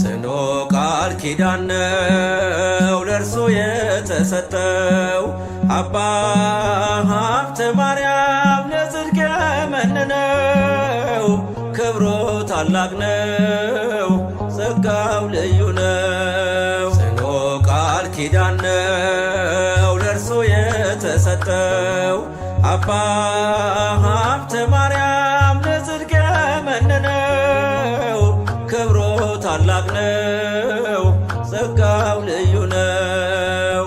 ጽኑ ቃል ኪዳን ነው ለእርሱ የተሰጠው። አባ ሀብተ ማርያም ለጽድቅ የመነነው ክብሮ ታላቅ ነው፣ ጸጋው ልዩ ነው። ጽኑ ቃል ኪዳን ነው ለእርሱ የተሰጠው አባ ሀብተ ነው፣ ጸጋው ልዩ ነው።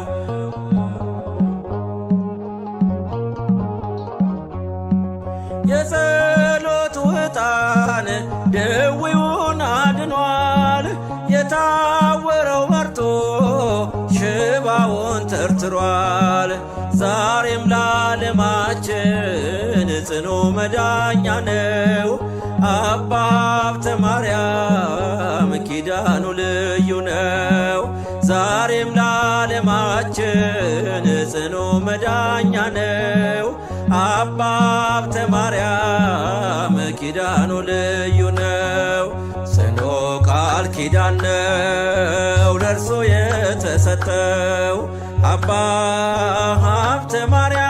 የጸሎት ውጣን ደዌውን አድኗል። የታወረው መርቶ ሽባውን ተርትሯል። ዛሬም ለዓለማችን ጽኑ መዳኛ ነው አባ ሀብተ ማርያም ኪዳኑ ልዩ ነው። ዛሬም ለዓለማችን ጽኑ መዳኛ ነው። አባ ሀብተ ማርያም ኪዳኑ ልዩ ነው። ጽኑ ቃል ኪዳን ነው ለእርሶ የተሰጠው አባ ሀብተ ማርያም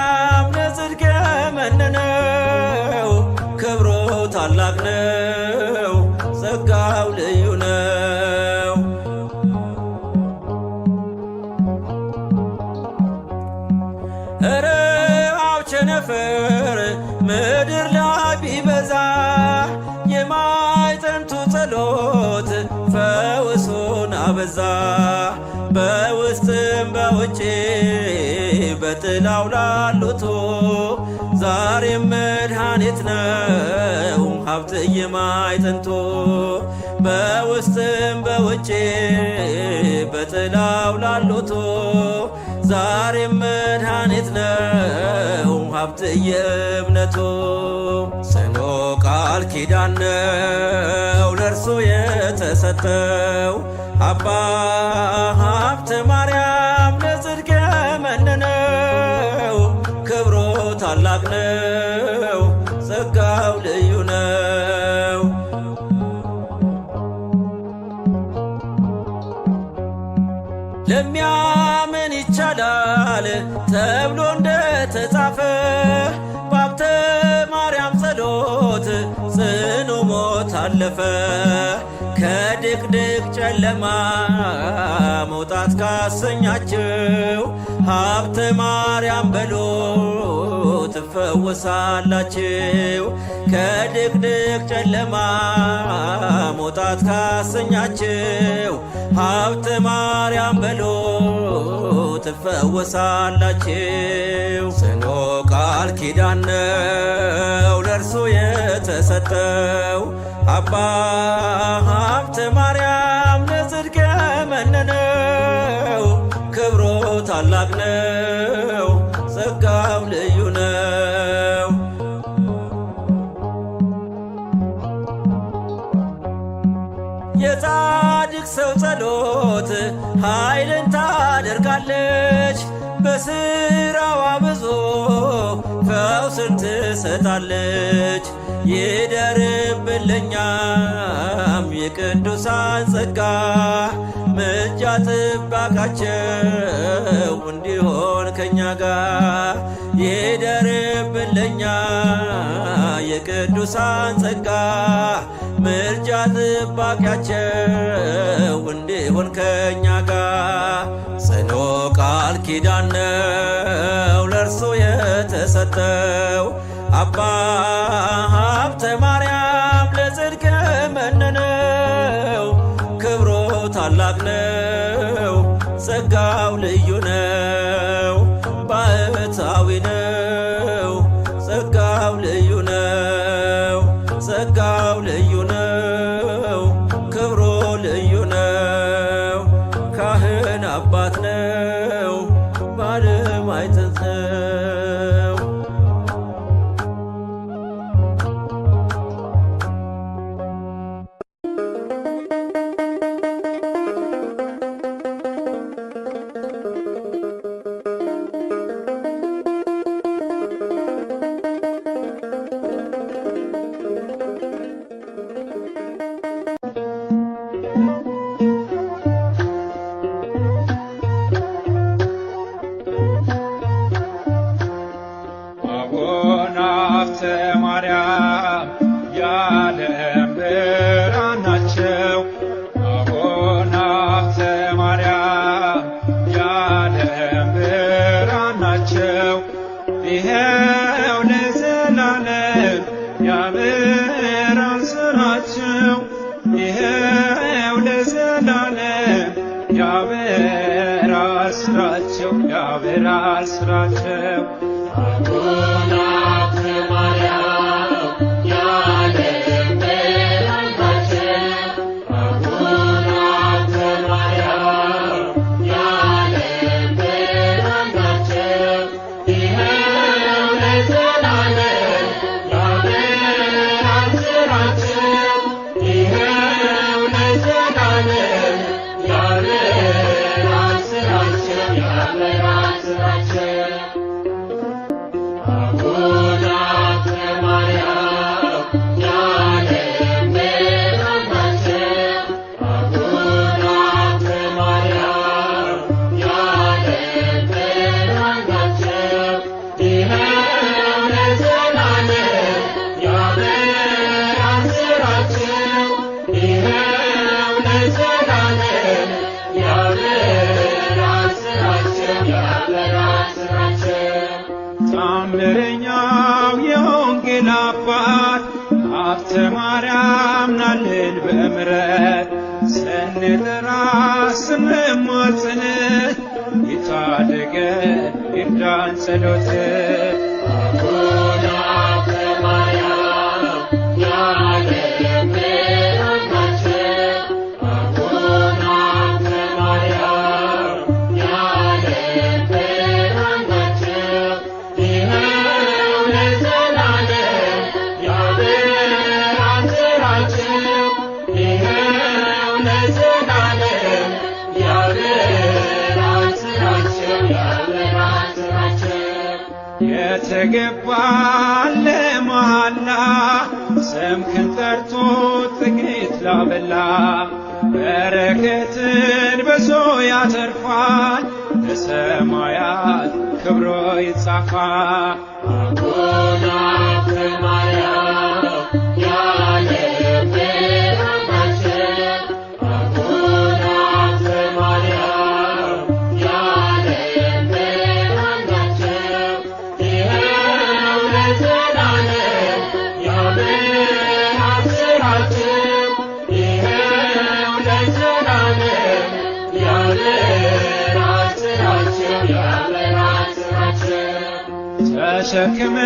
ረሃብ ቸነፈር ምድር ላይ ቢበዛ የማይጠንቱ ጸሎት ፈውሱን አበዛ። በውስጥም በውጭ በጥላው ላሉቱ ዛሬ መድኃኒት ነው ሀብት የማይጠንቱ በውስጥም በውጭ በጥላው ላሉቱ ዛሬ መድኃኒት ነው ሀብት የእምነቱ ጽኑ ቃል ኪዳን ነው ለእርሱ የተሰጠው አባ ሀብተ ማርያም ለጽድቅ መነነው ክብሮ ታላቅ ነው ጸጋው ልዩ ተብሎ እንደተጻፈ በአብተ ማርያም ጸሎት ጽኑ ሞት አለፈ። ድቅድቅ ጨለማ መውጣት ካሰኛችሁ ሀብተ ማርያም በሎ ትፈወሳላችሁ። ከድቅድቅ ጨለማ መውጣት ካሰኛችሁ ሀብተ ማርያም በሎ ትፈወሳላችሁ። ጽኑ ቃል ኪዳን ነው ለእርሱ ተሰጠው አባ ሀብተ ማርያም ለጽድቅ መነነው ክብሮ ታላቅ ነው፣ ጸጋው ልዩ ነው። የጻድቅ ሰው ጸሎት ኃይልን ታደርጋለች በስራዋ ብዙ ፈውስን ትሰጣለች። ይደርብልኛም የቅዱሳን ጸጋ ምልጃ ጥበቃቸው እንዲሆን ከኛ ጋር ይደርብልኛ የቅዱሳን ጸጋ ምልጃ ጥበቃቸው እንዲሆን ከኛ ጋር ጽኑ ቃል ኪዳን ነው ለእርሱ የተሰጠው አባ ሀብተ ማርያም ለጽድቅ መነነው፣ ክብሮ ታላቅ ነው፣ ጸጋው ልዩ ነው፣ ባህታዊ ነው፣ ጸጋው ልዩ ነው፣ ጸጋው ልዩ ነው፣ ክብሮ ልዩ ነው፣ ካህን አባት ነው። መምህራን ናቸው። ይኸው ለዘላለም የመምህራን ስራቸው። ይኸው ለዘላለም የመምህራን ስራቸው ስራቸው 我。አቡነ አባት ሀብተ ማርያም ናልን በምረት ስንጠራ ስንማጽን ይታደገ ይርዳን ጸሎት ለተገባን ለመሃላ ስምህን ጠርቶ ጥቂት ላበላ በረከትን በሶ ያተርፋል ለሰማያት ክብሮ ይጻፋል። ተሸክመ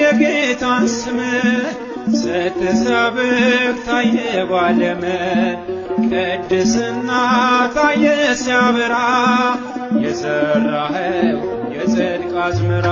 የጌታን ስም ስትሰብክ ታየ ባለም ቅድስና ታየ ሲያበራ የዘራኸው የጽድቅ አዝመራ